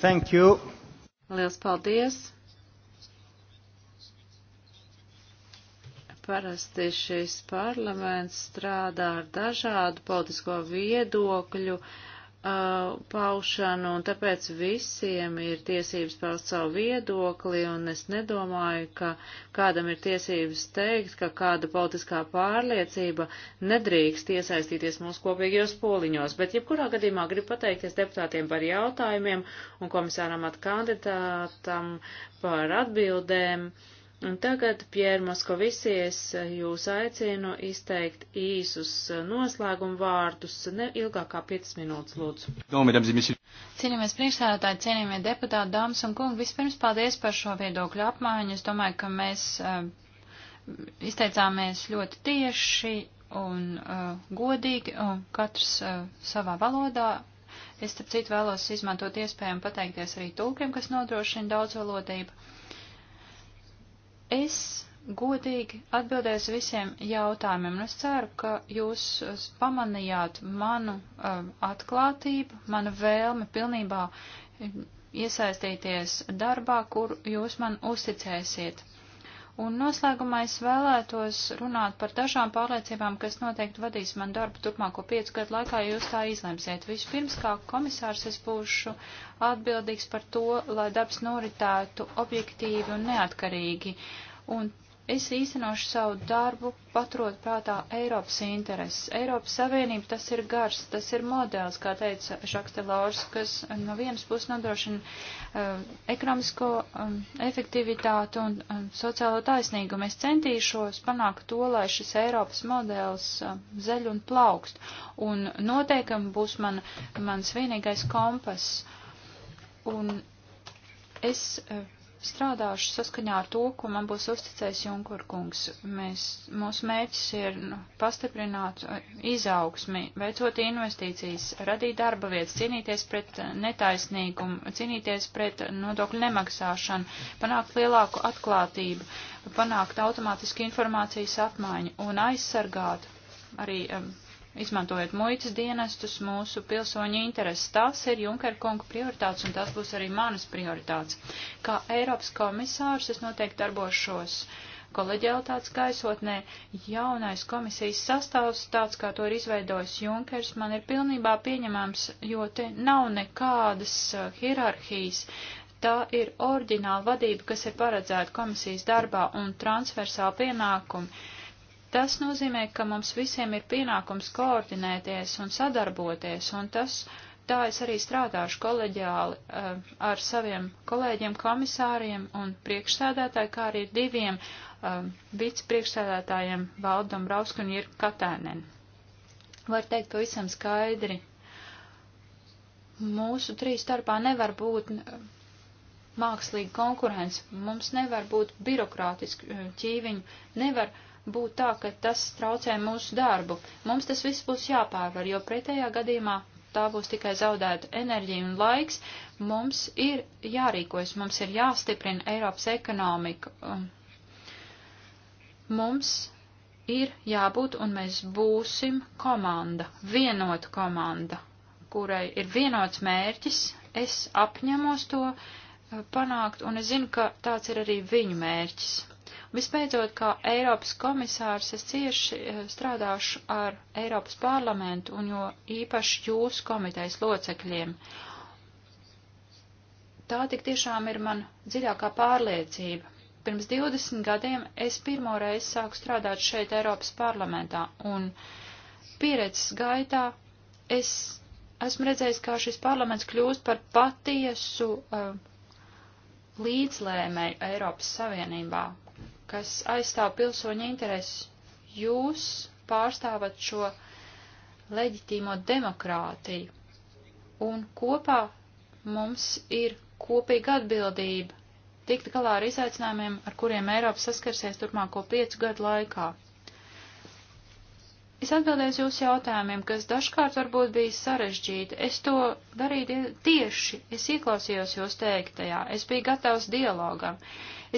Thank you. Liels paldies. Parasti šis parlaments strādā ar dažādu politisko viedokļu uh, uh, paušanu, un tāpēc visiem ir tiesības paust savu viedokli, un es nedomāju, ka kādam ir tiesības teikt, ka kāda politiskā pārliecība nedrīkst iesaistīties mūsu kopīgajos poliņos, bet jebkurā gadījumā gribu pateikties deputātiem par jautājumiem un komisāram at kandidātam par atbildēm. Uh, Un tagad, Pjēr Moskovisies, eh, jūs aicinu izteikt īsus eh, noslēgumu vārdus, ne ilgāk kā 5 minūtes, lūdzu. Cienījamies priekšsēdētāji, cienījamie deputāti, dāmas un kungi, vispirms paldies par šo viedokļu apmaiņu. Es domāju, ka mēs uh, izteicāmies ļoti tieši un uh, godīgi, un katrs uh, savā valodā. Es, starp citu, vēlos izmantot iespēju pateikties arī tūkiem, kas nodrošina daudzvalodību. Es godīgi atbildēs visiem jautājumiem, un es ceru, ka jūs uh, pamanījāt manu um, atklātību, manu vēlmi pilnībā uh, iesaistīties darbā, kur jūs man uzticēsiet. Un noslēgumā es vēlētos runāt par dažām pārliecībām, kas noteikti vadīs man darbu turpmāko piecu gadu laikā, ja jūs tā izlemsiet. Vispirms, kā komisārs, es būšu atbildīgs par to, lai darbs noritētu objektīvi un neatkarīgi. Un es īstenošu savu darbu, paturot prātā Eiropas intereses. Eiropas Savienība tas ir gars, tas ir modelis, kā teica Žaks Telors, kas no vienas puses nodrošina uh, ekonomisko um, efektivitātu un um, sociālo taisnīgumu. Es centīšos panākt to, lai šis Eiropas modelis uh, zeļ un plaukst. Un noteikam būs man, mans vienīgais kompass. Un es. Uh, strādāšu saskaņā ar to, ko man būs uzticējis Junkur kungs. Mēs, mūsu mērķis ir nu, pastiprināt uh, izaugsmi, veicot investīcijas, radīt darba vietas, cīnīties pret uh, netaisnīgumu, cīnīties pret uh, nodokļu nemaksāšanu, panākt lielāku atklātību, panākt automātisku informācijas apmaiņu un aizsargāt arī um, izmantojot muitas dienestus mūsu pilsoņu intereses. Tas ir Junker kunga prioritāts un tas būs arī manas prioritāts. Kā Eiropas komisārs es noteikti darbošos koleģialitātes gaisotnē. Jaunais komisijas sastāvs, tāds kā to ir izveidojis Junkers, man ir pilnībā pieņemams, jo te nav nekādas uh, hierarhijas. Tā ir orģināla vadība, kas ir paredzēta komisijas darbā un transversāla pienākuma Tas nozīmē, ka mums visiem ir pienākums koordinēties un sadarboties, un tas, tā es arī strādāšu koleģiāli uh, ar saviem kolēģiem, komisāriem un priekšsēdētāju, kā arī diviem uh, vicepriekšsēdētājiem Valdam Brausku un Jirku Katēnen. Var teikt pavisam skaidri, mūsu trīs starpā nevar būt eh, mākslīga konkurence, mums nevar būt birokrātiski ķīviņu, nevar uh, būt tā, ka tas traucē mūsu darbu. Mums tas viss būs jāpārvar, jo pretējā gadījumā tā būs tikai zaudēta enerģija un laiks. Mums ir jārīkojas, mums ir jāstiprina Eiropas ekonomika. Mums ir jābūt, un mēs būsim komanda, vienota komanda, kurai ir vienots mērķis. Es apņemos to eh, panākt, un es zinu, ka tāds ir arī viņu mērķis. Vispēcot, kā Eiropas komisārs, es cieši eh, strādāšu ar Eiropas parlamentu un jo īpaši jūsu komitejas locekļiem. Tā tik tiešām ir man dziļākā pārliecība. Pirms 20 gadiem es pirmo reizi sāku strādāt šeit Eiropas parlamentā un pieredzes gaitā es esmu redzējis, kā šis parlaments kļūst par patiesu uh, līdzlēmēju Eiropas Savienībā, kas aizstāv pilsoņa intereses. Jūs pārstāvat šo leģitīmo demokrātiju, un kopā mums ir kopīga atbildība tikt galā ar izaicinājumiem, ar kuriem Eiropa saskarsies turpmāko piecu gadu laikā. Es atbildēju uz jūsu jautājumiem, kas dažkārt varbūt bija sarežģīti. Es to darīju tieši, es ieklausījos jūs teiktajā, es biju gatavs dialogam,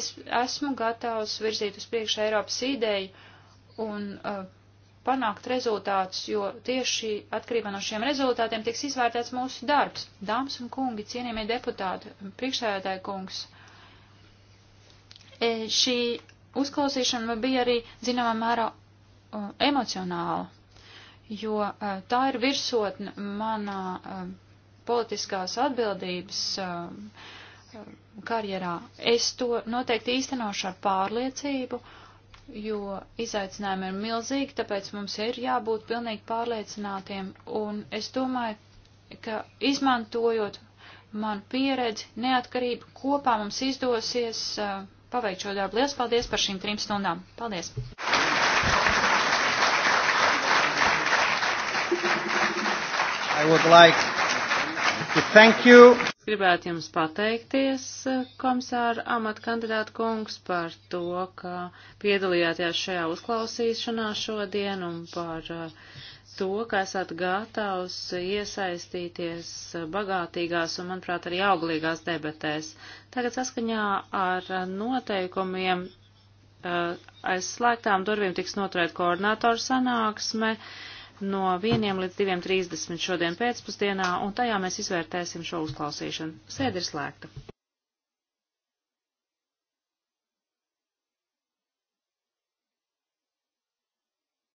es esmu gatavs virzīt uz priekšu Eiropas ideju un uh, panākt rezultātus, jo tieši atkarībā no šiem rezultātiem tiks izvērtēts mūsu darbs. Dāmas un kungi, cienījamie deputāti, priekšsēdētāji kungs, e, šī uzklausīšana bija arī, zināmā mērā, uh, emocionāla, jo uh, tā ir virsotne manā uh, politiskās atbildības uh, uh, karjerā. Es to noteikti īstenošu ar pārliecību, jo izaicinājumi ir milzīgi, tāpēc mums ir jābūt pilnīgi pārliecinātiem, un es domāju, ka izmantojot manu pieredzi, neatkarību, kopā mums izdosies uh, paveikt šo darbu. Lielas paldies par šīm trim stundām. Paldies! Like Gribētu jums pateikties, komisāra amata kandidāta kungs, par to, ka piedalījāties šajā uzklausīšanā šodien un par uh, to, ka esat gatavs iesaistīties bagātīgās un, manuprāt, arī auglīgās debatēs. Tagad saskaņā ar noteikumiem uh, aiz slēgtām durvīm tiks noturēt koordinātoru sanāksme no 1 līdz 2.30 šodien pēcpusdienā, un tajā mēs izvērtēsim šo uzklausīšanu. Sēde ir slēgta.